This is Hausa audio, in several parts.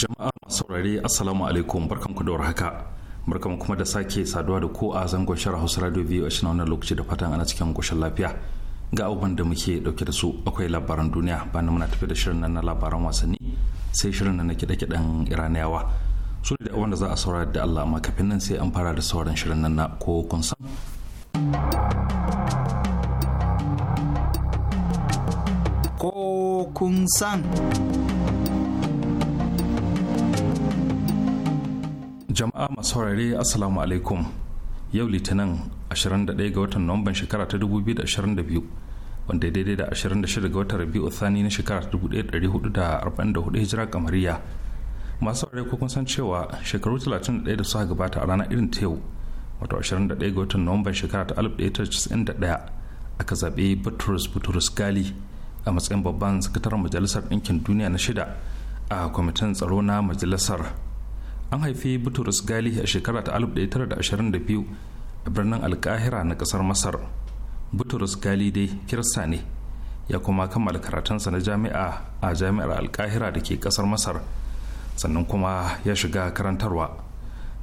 Jama'a masu saurare Assalamu alaikum barkanku da warhaka. Barkan kuma da sake saduwa da ko a zangon shara Hausa Radio biyu na wannan lokaci da fatan ana cikin koshin lafiya. Ga abubuwan da muke dauke da su akwai labaran duniya bayan muna tafi da shirin nan na labaran wasanni sai shirin nan na kiɗe-kiɗen Iraniyawa. Su da wanda za a saurara da Allah amma kafin nan sai an fara da sauran shirin nan na ko kun san. Ko kun san. jama'a masu saurare assalamu alaikum yau litinin 21 ga watan nuwamban shekara ta 2022 wanda daidai da 26 ga watan rabi'u thani na shekara 1444 hijira kamariya masu saurare ko kun san cewa shekaru 31 da suka gabata a ranar irin ta yau wato 21 ga watan nuwamban shekara ta 1991 aka zaɓe Butrus Butrus Gali a matsayin babban sakataren Majalisar Ɗinkin Duniya na shida a kwamitin tsaro na majalisar an haifi buturus gali a shekara ta 1922 a birnin alkahira na kasar masar buturus gali dai kirista ne ya kuma kammala karatunsa na jami'a a jami'ar alkahira da ke kasar masar sannan kuma ya shiga karantarwa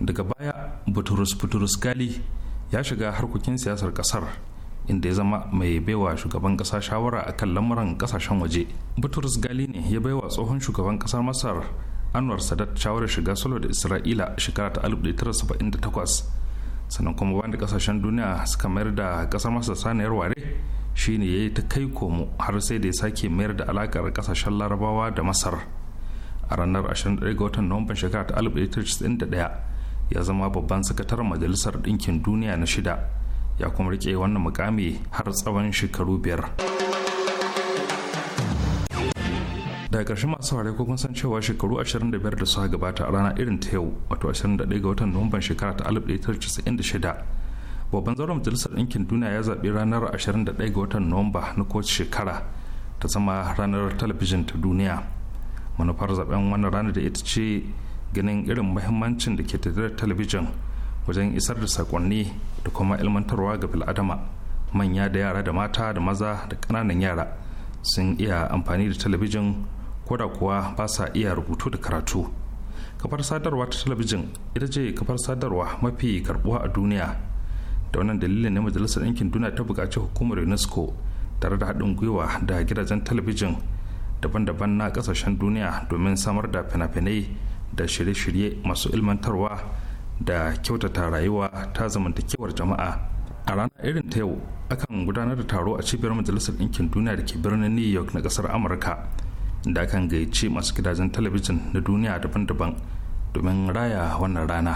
daga baya buturus buturus gali ya shiga harkokin siyasar kasar inda ya zama mai baiwa shugaban kasa shawara a kan lamuran kasashen waje buturus gali ne ya baiwa tsohon shugaban kasar masar anwar sadat shawarar shiga solo da isra'ila shekara ta 1978 sannan kuma bayan da kasashen duniya suka mayar da kasar masa saniyar ware shine ya yi ta kai komo har sai da ya sake mayar da alakar kasashen larabawa da masar a ranar 21 ga watan nuwamban shekara ta 1991 ya zama babban sakataren majalisar ɗinkin duniya na shida ya kuma rike wannan mukami har tsawon shekaru biyar. daga ƙarshen masu ware ko kun san cewa shekaru 25 da suka gabata a rana irin ta yau wato 21 ga watan nuwamban shekara ta 1996 babban zauren majalisar ɗinkin duniya ya zaɓi ranar 21 ga watan nuwamba na kowace shekara ta zama ranar talabijin ta duniya manufar zaben wannan ranar da ita ce ganin irin muhimmancin da ke tattare talabijin wajen isar da sakonni da kuma ilmantarwa ga bil'adama manya da yara da mata da maza da ƙananan yara sun iya amfani da talabijin ko da kuwa ba sa iya rubutu da karatu kafar sadarwa ta talabijin ita ce kafar sadarwa mafi karbuwa a duniya da wannan dalilin ne majalisar ɗinkin duniya ta buƙaci hukumar unesco tare da haɗin gwiwa da gidajen talabijin daban-daban na ƙasashen duniya domin samar da fina-finai da shirye-shirye masu ilmantarwa da kyautata rayuwa ta zamantakewar jama'a a ranar irin ta yau akan gudanar da taro a cibiyar majalisar ɗinkin duniya da ke birnin new york na ƙasar amurka da kan gayyace masu gidajen talabijin na duniya daban-daban domin raya wannan rana.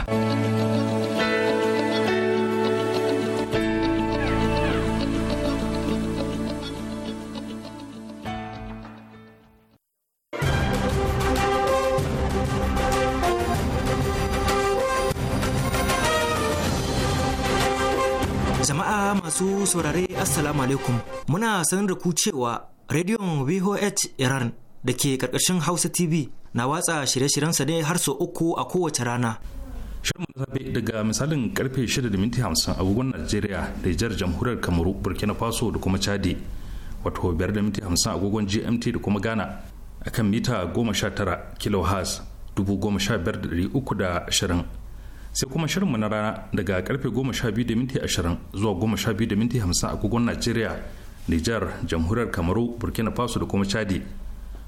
Jama'a masu saurare Assalamu alaikum muna sanar da ku cewa Rediyon VOH Iran da ke karkashin Hausa TV na watsa shirye-shiryensa ne har sau uku a kowace rana. Shirin safe daga misalin karfe 6:50 agogon Najeriya da jihar jamhuriyar Kamaru, Burkina Faso da kuma Chadi, wato 5:50 agogon GMT da kuma Ghana akan mita 19 kHz 15320. Sai kuma shirinmu na rana daga karfe 12:20 zuwa 12:50 agogon Najeriya, Nijar, jamhuriyar Kamaru, Burkina Faso da kuma Chadi.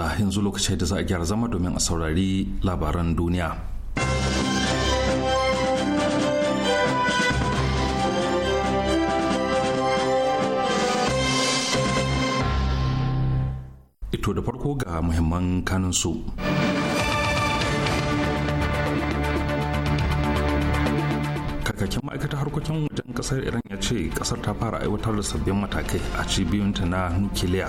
Allah yanzu lokacin da za a gyara zama domin a saurari labaran duniya ito da farko ga muhimman kaninsu. kakakin ma'aikatar harkokin wajen kasar iran ya ce kasar ta fara aiwatar da sabbin matakai a cibiyunta na nukiliya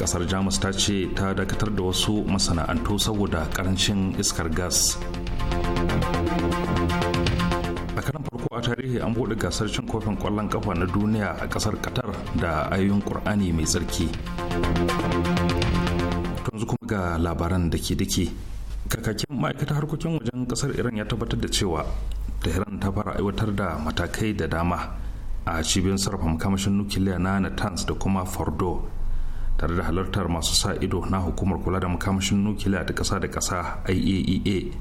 kasar jamus ta ce ta dakatar da wasu masana'antu saboda karancin iskar gas a karan farko a tarihi an buɗe gasar cin kofin ƙwallon ƙafa na duniya a ƙasar qatar da ayoyin kur'ani mai tsarki yanzu kuma ga labaran da ke dake kakakin ma'aikatar harkokin wajen ƙasar iran ya tabbatar da cewa tehran ta fara aiwatar da matakai da dama a cibiyar sarrafa makamashin nukiliya na natanz da kuma fordo tare da halartar masu sa ido na hukumar kula da makamashin nukiliya ta kasa da kasa iaea e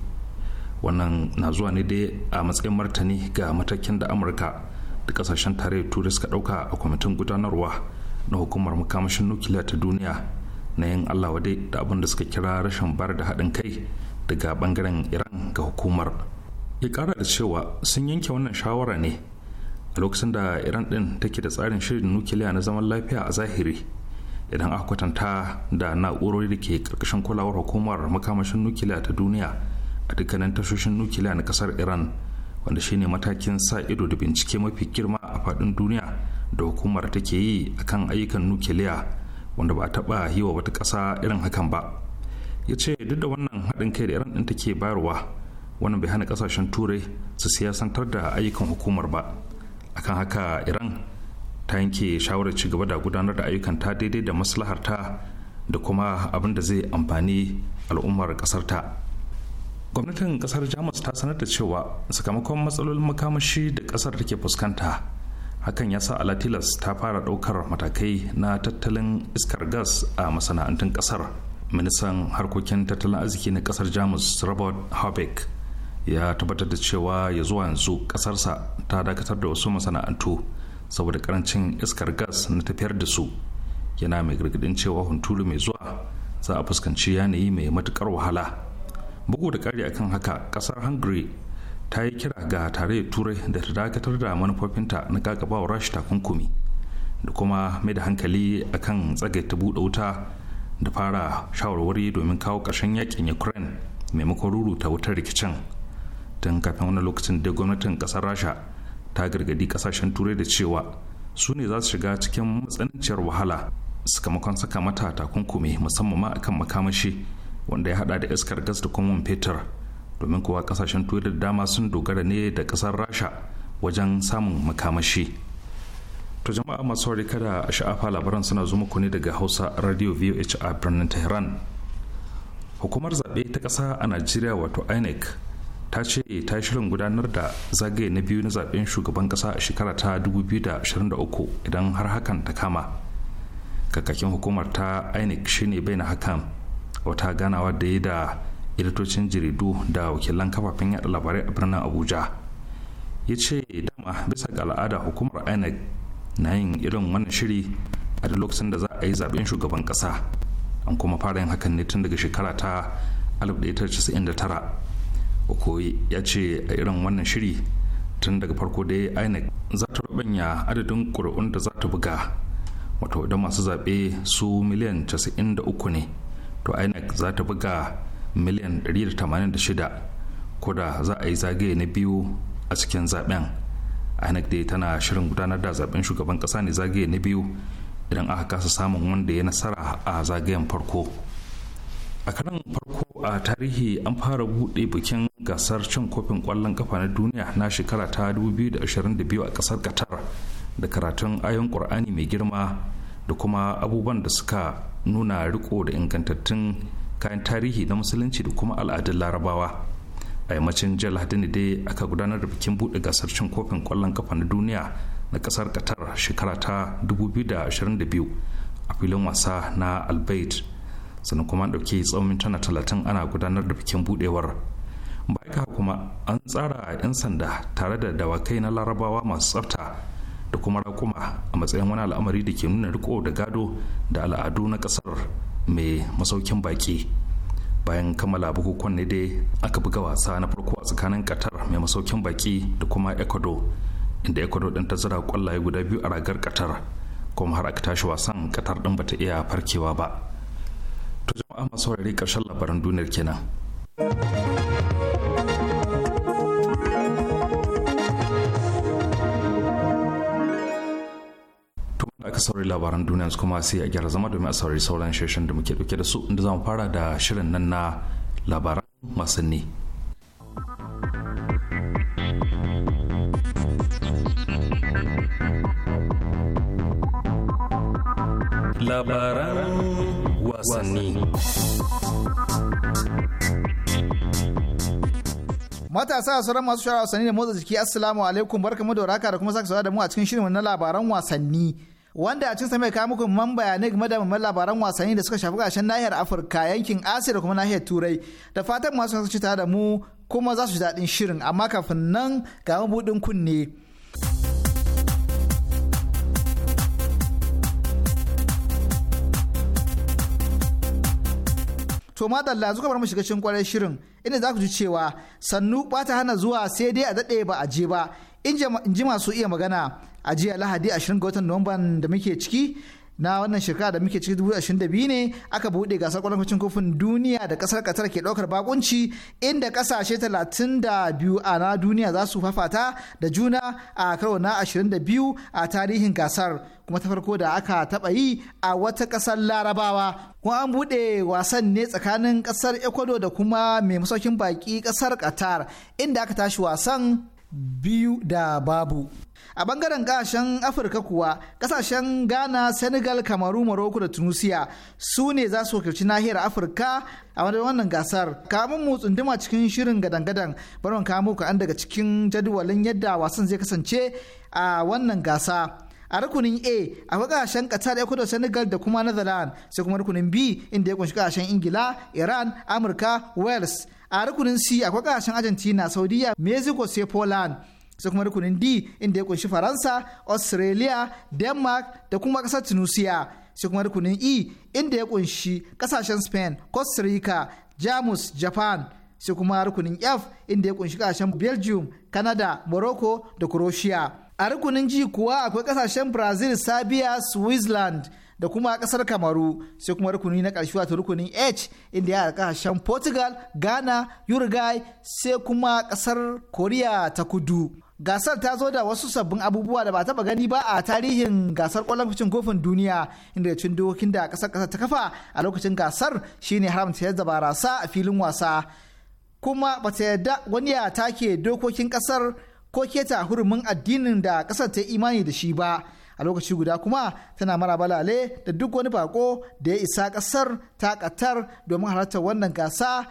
wannan na zuwa ne dai a matsayin martani ga matakin da amurka da ƙasashen tarayyar turai suka ɗauka a kwamitin gudanarwa na hukumar makamashin nukiliya ta duniya na yin allah wadai da abin da suka kira rashin bar da haɗin kai daga bangaren iran ga hukumar ya kara da cewa sun yanke wannan shawara ne a lokacin da iran ɗin take da tsarin shirin nukiliya na zaman lafiya a zahiri idan aka kwatanta da na'urori da ke karkashin kulawar hukumar makamashin nukiliya ta duniya a dukkanin tashoshin nukiliya na kasar iran wanda shine matakin sa ido da bincike mafi girma a faɗin duniya da hukumar take yi akan ayyukan nukiliya wanda ba a taɓa yi wa wata kasa irin hakan ba ya ce duk da wannan haɗin kai da iran ɗin take bayarwa wannan bai hana ƙasashen turai su siyasantar da ayyukan hukumar ba akan haka iran ta yanke shawarar ci gaba da gudanar da ayyukan ta daidai da maslaharta da kuma abin da zai amfani al'ummar kasar ta gwamnatin kasar jamus ta sanar da cewa sakamakon matsalolin makamashi da kasar take fuskanta hakan ya sa alatilas ta fara daukar matakai na tattalin iskar gas a masana'antun kasar ministan harkokin tattalin arziki na kasar jamus robert harbeck ya tabbatar da cewa ya zuwa yanzu kasarsa ta dakatar da wasu masana'antu saboda karancin iskar gas na tafiyar da su yana mai gargadin cewa hunturu mai zuwa za a fuskanci yanayi mai matukar wahala bugu da kari akan haka kasar hungary ta yi kira ga tarayyar turai da ta dakatar da manufofinta na gagabawa rashi takunkumi da kuma mai da hankali akan ta buɗe wuta da fara shawarwari domin kawo ƙarshen yakin ukraine maimakon ta wutar rikicin tun kafin wani lokacin da gwamnatin ƙasar rasha ta gargadi kasashen turai da cewa su ne za su shiga cikin matsananciyar wahala sakamakon saka mata takunkumi musamman ma akan makamashi wanda ya hada da iskar gas da kuma fetur domin kuwa kasashen turai da dama sun dogara ne da kasar rasha wajen samun makamashi to jama'a masu sauri kada a sha'afa labaran suna zuma ku ne daga hausa radio voh a birnin tehran hukumar zaɓe ta ƙasa a najeriya wato inec ta ce ta shirin gudanar da zagaye na biyu na zaben shugaban kasa a shekara ta 2023 idan har hakan ta kama kakakin hukumar ta inec shine bai na hakan wata ganawa da ya da editocin jaridu da wakilan kafafen yada labarai a birnin abuja ya ce dama bisa ga al'ada hukumar inec na yin irin wannan shiri a da lokacin da za a yi zaben shugaban kasa an kuma fara yin hakan ne tun daga shekara ta okoye ya ce a irin wannan shiri tun daga farko dai inec za ta rubanya adadin ƙuri'un da za ta buga wato da masu zaɓe su miliyan 93 ne to inec za ta buga miliyan 186 ko da za a yi zagaye na biyu a cikin zaben inec dai tana shirin gudanar da zaben shugaban ƙasa ne zagaye na biyu idan aka kasa samun wanda ya nasara a zagayen farko a karan farko a tarihi an fara buɗe bikin gasar cin kofin ƙwallon kafa na duniya na shekara ta 2022 a ƙasar qatar da karatun ayon ƙur'ani mai girma da kuma abubuwan da suka nuna riko da ingantattun kayan tarihi na musulunci da kuma al'adun larabawa a yammacin jihar lahadin dai aka gudanar da bikin buɗe gasar cin kofin ƙwallon kafa na duniya na ƙasar qatar shekara ta 2022 a filin wasa na albait sannan kuma an ɗauki tsawon mintuna talatin ana gudanar da bikin budewar baya kuma an tsara 'yan sanda tare da dawakai na larabawa masu tsafta da kuma rakuma a matsayin wani al'amari da ke nuna riko da gado da al'adu na ƙasar mai masaukin baki bayan kammala bukukuwan ne dai aka buga wasa na farko a tsakanin qatar mai masaukin baki da kuma ecuador inda ecuador ɗin ta zira kwallaye guda biyu a ragar qatar kuma har aka tashi wasan qatar ɗin bata iya farkewa ba a saurari karshen labaran duniyar kenan. aka saurari labaran duniya kuma sai a gyara zama domin a saurari sauran shirin da muke dauke da su inda zamu fara da shirin nan na labaran wasanni. Labaran wasanni. Matasa sauran masu shawara wasanni da motsa jiki assalamu alaikum barka mu da waraka da kuma sake saurara da mu a cikin shirin na labaran wasanni. Wanda a cikin sama'i mai kawo muku man bayanai game da mamman labaran wasanni da suka shafi gashin nahiyar Afirka yankin Asiya da kuma nahiyar Turai da fatan masu kasance tare da mu kuma za su ji daɗin shirin amma kafin nan ga mabuɗin kunne. To madalla zuka bar mu shiga cikin kwarai shirin inda za ku ji cewa sannu bata hana zuwa sai dai a daɗe ba a je ba in ji masu iya magana a jiya lahadi 20 ga watan Nuwamban da muke ciki na wannan shekara da muke cikin 2022 ne aka buɗe gasar kwallon kofin duniya da kasar Qatar ke ɗaukar bakunci inda kasashe 32 a na duniya za su fafata da juna a karo na 22 a tarihin gasar kuma ta farko da aka taɓa yi a wata ƙasar larabawa kuma an buɗe wasan ne tsakanin ƙasar ecuador da kuma mai masaukin baki ƙasar qatar inda aka tashi wasan biyu da babu. A bangaren gashen Afirka kuwa kasashen Ghana, Senegal, Kamaru, Morocco da Tunisia su ne za su wakilci nahiyar Afirka a wannan gasar. Kamun mu tsunduma cikin shirin gadan-gadan baron kamo an daga cikin jadawalin yadda wasan zai kasance a wannan gasa. a rukunin a akwai kasashen qatar ecuador senegal da kuma netherlands sai kuma rukunin b inda ya kunshi kasashen ingila iran amurka wales a rukunin c akwai kasashen argentina saudiya mexico sai poland sai kuma rukunin d inda ya kunshi faransa australia denmark da kuma kasar tunisia sai kuma rukunin e inda ya kunshi kasashen spain costa rica jamus japan sai kuma rukunin f inda ya kunshi kasashen belgium canada morocco da croatia a rukunin ji kuwa akwai kasashen brazil sabia switzerland da kuma kasar kamaru sai kuma rukuni na ƙarshe wato rukunin h inda ya kasashen portugal ghana uruguay sai kuma kasar korea ta kudu gasar ta zo da wasu sabbin abubuwa da ba taba gani ba a tarihin gasar kwallon kucin kofin duniya inda cin dokokin da kasar kasar ta kafa a lokacin gasar shine haramta yadda barasa a filin wasa kuma ba ta yarda wani ya take dokokin kasar ko keta hurumin addinin da ƙasar ta imani da shi ba a lokaci guda kuma tana mara balale da duk wani bako da ya isa ƙasar ta ƙatar domin halartar wannan gasa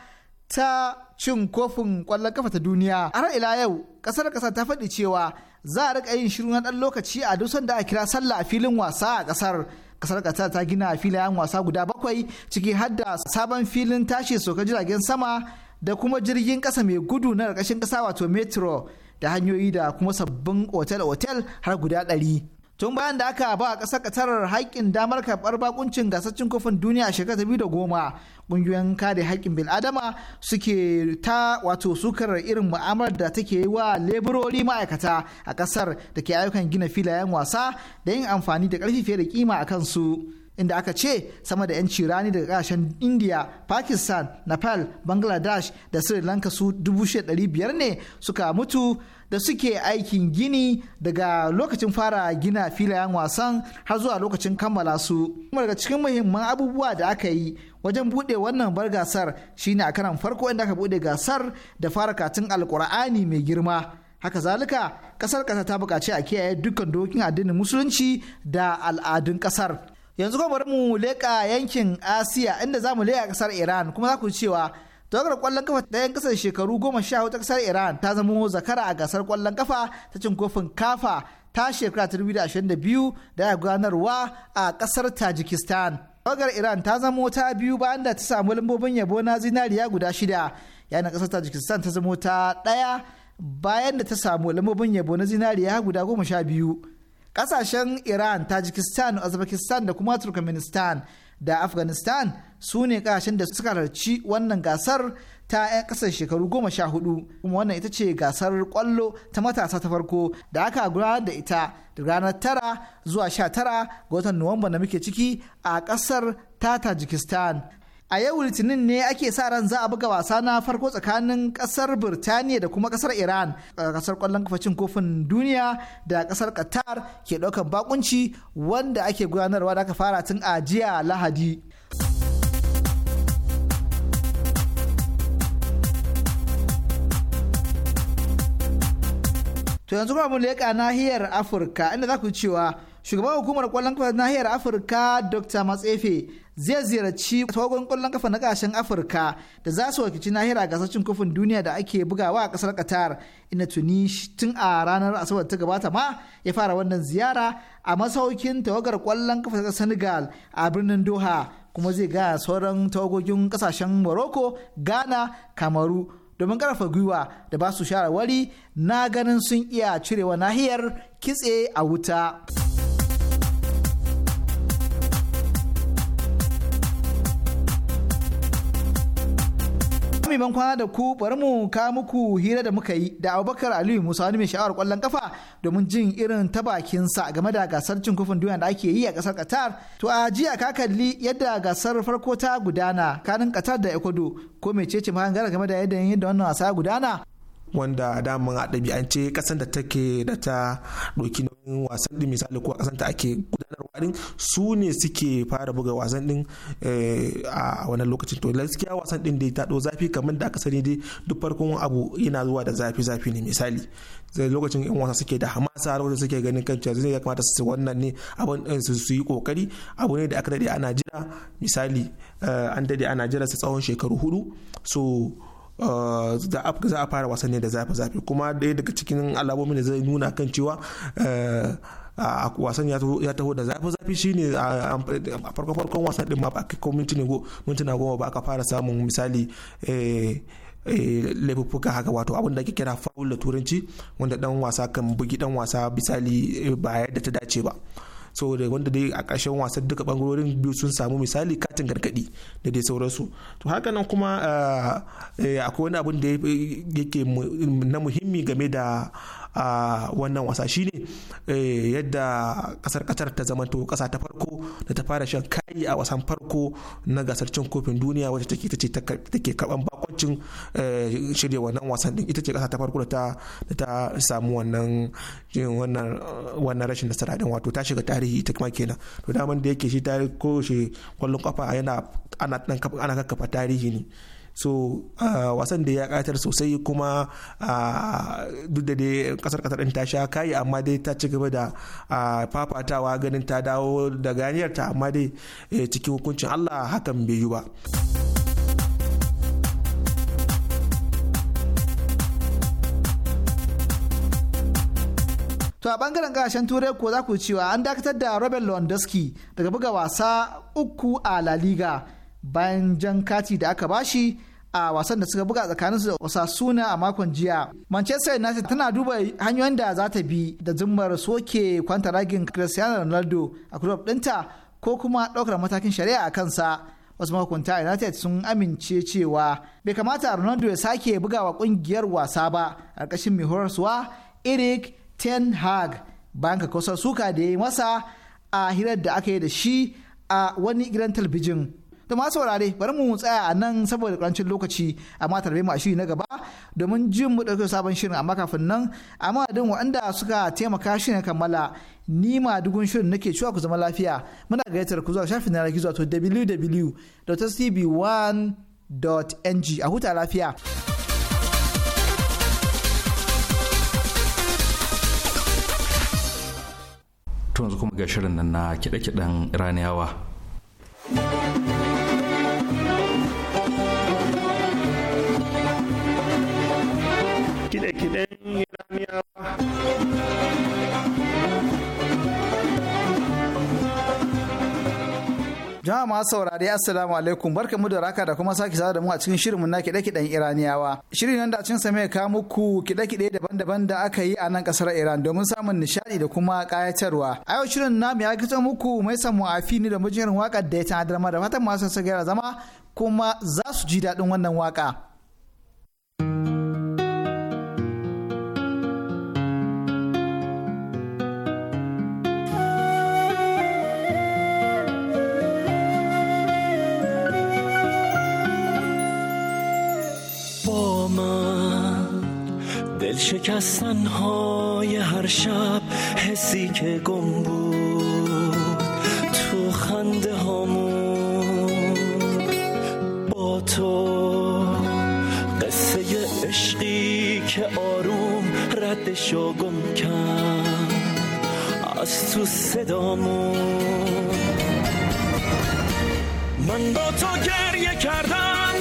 ta cin kofin ƙwallon kafa ta duniya har ila yau ƙasar ƙasa ta faɗi cewa za a rika yin shiru na ɗan lokaci a duk da a kira sallah a filin wasa a ƙasar Ƙasar Qatar ta gina a filayen wasa guda bakwai ciki har da sabon filin tashi soka jiragen sama da kuma jirgin ƙasa mai gudu na ƙarƙashin ƙasa wato metro da hanyoyi da kuma sabbin otel-otel har guda ɗari. Tun bayan da aka ba ƙasar katarar haƙƙin damar karɓar bakuncin gasaccin kofin duniya a shekarar biyu da goma, ƙungiyoyin kare haƙƙin bil'adama suke ta wato sukar irin mu'amalar da take yi wa leburori ma'aikata a ƙasar da ke ayyukan gina filayen wasa da yin amfani da ƙarfi fiye da kima a kansu. inda aka ce sama da 'yanci rani daga kasashen india pakistan nepal bangladesh da sri lanka su 1500 ne suka mutu da suke aikin gini daga lokacin fara gina filayen wasan har zuwa lokacin kammala su kuma daga cikin muhimman abubuwa da aka yi wajen buɗe wannan bar gasar shine a karan farko inda aka buɗe gasar da fara katin alkur'ani mai girma haka zalika kasar kasa ta buƙaci a kiyaye dukkan dokokin addinin musulunci da al'adun kasar yanzu ko bari mu leƙa yankin asiya inda za mu leƙa ƙasar iran kuma za ku cewa tawagar kwallon kafa ɗayan ƙasar shekaru goma sha hudu ƙasar iran ta zama zakara a gasar kwallon kafa ta cin kofin kafa ta shekara ta biyu da ya gudanarwa a ƙasar tajikistan tawagar iran ta zama ta biyu bayan da ta samu lambobin yabo na zinariya guda shida yayin ƙasar tajikistan ta zama ta ɗaya bayan da ta samu lambobin yabo na zinariya guda goma sha biyu kasashen Iran, Tajikistan, Uzbekistan da kuma Turkmenistan da Afghanistan su ne kasashen da suka harci wannan gasar ta 'yan ƙasar shekaru goma sha hudu kuma wannan ita ce gasar kwallo ta matasa ta farko da aka gudanar da ita da ranar tara zuwa sha tara ga watan Nuwamba da muke ciki a kasar ta Tajikistan. a yau litinin ne ake sa ran za a buga wasa na farko tsakanin kasar birtaniya da kuma kasar iran kasar kwallon kafacin kofin duniya da kasar qatar ke daukan bakunci wanda ake gudanarwa da aka fara tun a jiya lahadi to yanzu kuma mun leƙa nahiyar afirka inda za ku cewa shugaban hukumar kwallon kafa nahiyar afirka dr matsefe zai ziyarci tawagon kwallon kafa na gashin afirka da za su wakilci nahiyar a gasar kofin duniya da ake bugawa a kasar qatar ina tuni tun a ranar asabar ta gabata ma ya fara wannan ziyara a masaukin tawagar kwallon kafa ta senegal a birnin doha kuma zai ga sauran tawagogin kasashen morocco ghana kamaru domin karfa gwiwa da ba su wari na ganin sun iya cirewa nahiyar kitse a wuta. mai ban kwana da ku bari mu ka muku hira da muka yi da Abubakar Aliyu Musa wani mai sha'awar kwallon kafa domin jin irin ta bakin sa game da gasar cin kofin duniya da ake yi a kasar Qatar. To a jiya ka kalli yadda gasar farko ta gudana kanin Qatar da Ecuador ko mai mecece mahangara game da yadda yadda wannan wasa gudana. wanda daman a ɗabi'ance kasan da take da ta ɗauki nauyin wasan misali ko a ta ake gudana. gudanarwa su ne suke fara buga wasan din eh, a wannan lokacin to gaskiya wasan din da ta ɗau zafi kamar da aka sani dai duk farkon abu yana zuwa da zafi zafi ne misali zai lokacin yan wasa suke da hamasa har suke ganin kan cewa zai ya kamata su wannan ne abin eh, su yi kokari abu ne da aka dade ana jira misali eh, an dade ana jira su tsawon shekaru hudu so za a fara wasan ne da zafi zafi kuma daya daga cikin alamomin da zai nuna kan cewa a wasan ya taho da zafi zafi shine a farkon farkon wasan din ma ba kai mintuna go goma ba aka fara samun misali eh, eh, laifuffuka haka wato abun da ake kira faul da turanci wanda dan wasa kan bugi dan wasa misali eh, ba yadda ta dace ba da wanda dai a ƙarshen wasan duka bangarorin biyu sun samu misali katin gargadi da dai sauransu to haka nan kuma akwai wani abin da yake na muhimmi game da a wannan wasa shi ne eh, yadda kasar katar ta zamanto kasa ta farko da ta fara shan kayi a wasan farko na gasar cin kofin duniya wacce take tace take karban bakoncin eh, shirya wannan wasan din ita ce kasa ta farko da ta samu wannan wannan rashin nasara din wato ta shiga tarihi ita kuma kenan to daman da yake shi tarihi ko shi kwallon kafa yana ana ana kakkafa tarihi ne so wasan da ya katar sosai kuma duk da dai kasar kasar din ta sha kayi amma dai ta ci gaba da fafatawa ganin ta dawo da ganiyar ta amma dai eh, cikin hukuncin Allah hakan bai yi ba To a bangaren gashen turai ko za ku cewa an dakatar da Robert Lewandowski daga buga wasa uku a La Liga bayan jan kati da aka bashi a wasan da suka buga tsakanin su da Osasuna a makon jiya. Manchester United tana duba hanyoyin da za ta bi da zimmar soke kwanta ragin Cristiano Ronaldo a club ɗinta ko kuma ɗaukar matakin shari'a a kansa. Wasu mahukunta United sun amince cewa bai kamata Ronaldo ya sake bugawa kungiyar wasa ba a ƙarƙashin mai horarsuwa Eric Ten Hag bayan kakkausar suka da ya yi masa a hirar da aka yi da shi a wani gidan talabijin. da ma saurare bari mu tsaya a nan saboda karancin lokaci amma tarbe mu a shiri na gaba domin jin mu ɗauki sabon shirin amma kafin nan amma madadin waɗanda suka taimaka shi ne kammala ni ma dugun shirin nake cewa ku zama lafiya muna gayyatar ku zuwa shafin na gizo to wwwcb 1ng a huta lafiya. To kuma ga shirin nan na kiɗe-kiɗen Iraniyawa. masu saurari assalamu alaikum barkamu da raka da kuma sake sada da mu a cikin shirinmu na kiɗe-kiɗen iraniyawa shirin nan da cin mai ka muku kiɗe-kiɗe daban-daban da aka yi a nan kasar iran domin samun nishaɗi da kuma kayatarwa. a yau shirin namu ya muku mai samu afi ni da mujirin waka da ya tanadar da fatan masu sa zama kuma za su ji daɗin wannan waka. شکستن های هر شب حسی که گم بود تو خنده هامون با تو قصه عشقی که آروم ردش و گم کرد از تو صدامون من با تو گریه کردم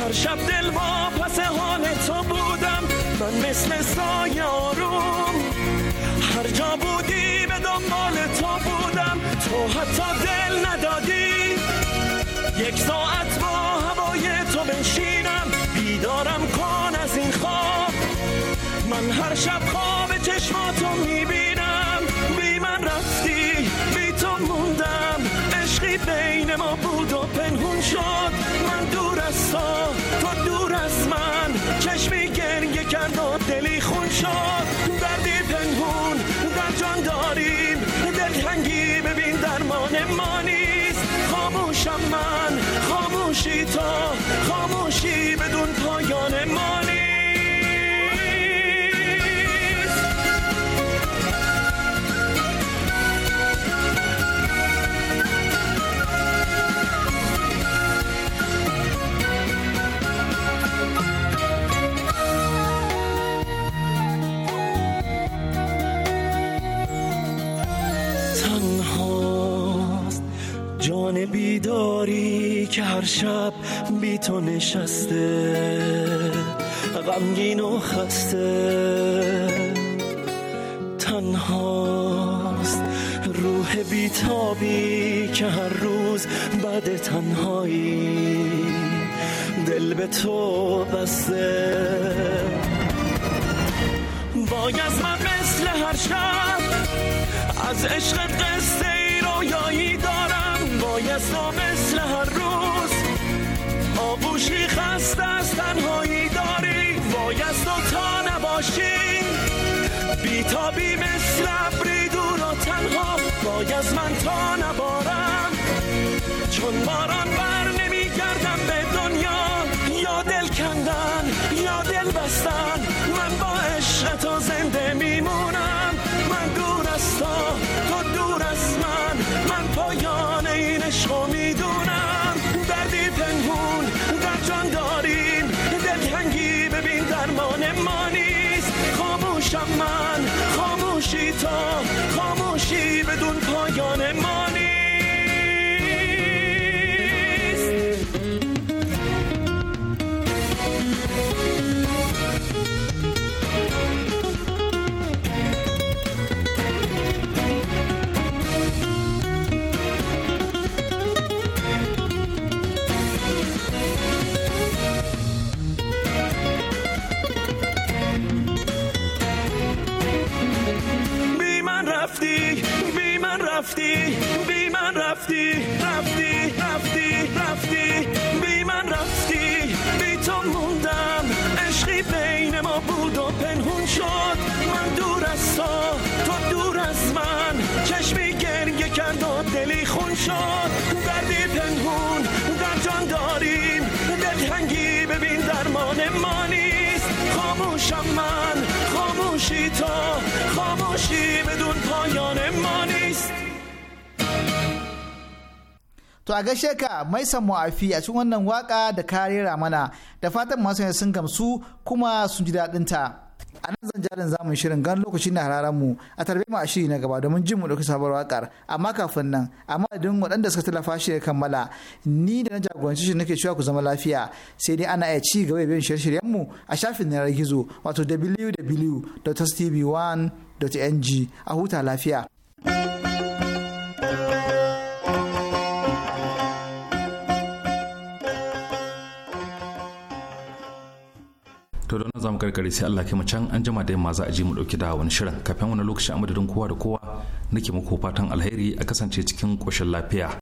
هر شب دل با پس حال تو بودم من مثل سایارم هر جا بودی به دنبال تو بودم تو حتی دل ندادی یک ساعت با هوای تو بنشینم بیدارم کن از این خواب من هر شب خواب چشماتو میبینم بی من رفتی بی تو موندم عشقی بین ما بود و پنهون شد من دور از تو تو دور از من چشمی گریم من و دلی خون شد دردی پنهون در جان داریم دلتنگی ببین درمان ما نیست خاموشم من خاموشی تو خاموشی بدون پایان ما بیداری که هر شب بی تو نشسته غمگین و خسته تنهاست روح بیتابی که هر روز بعد تنهایی دل به تو بسته باید من مثل هر شب از عشق قصه آبی مثل ابری دور و تنها بای از من تا نبارم چون باران بر To a gaishe ka mai samu a cikin wannan waka da ka rera mana da fatan masu sun gamsu kuma sun ji daɗin ta. A nan zan jarin zamun shirin gan lokaci na hararen mu a tarbe mu a shiri na gaba domin jin mu ɗauki sabuwar wakar amma kafin nan amma idan waɗanda suka tallafa shi ya kammala ni da na jagoranci shi nake cewa ku zama lafiya sai dai ana iya ci gaba bin shirye-shiryen mu a shafin na gizo wato www.tv1.ng a huta lafiya. thank you to don zamu karkare sai Allah kai mu can an jima da yamma za a ji mu dauki da wani shirin kafin wani lokaci a madadin kowa da kowa nake muku fatan alheri a kasance cikin koshin lafiya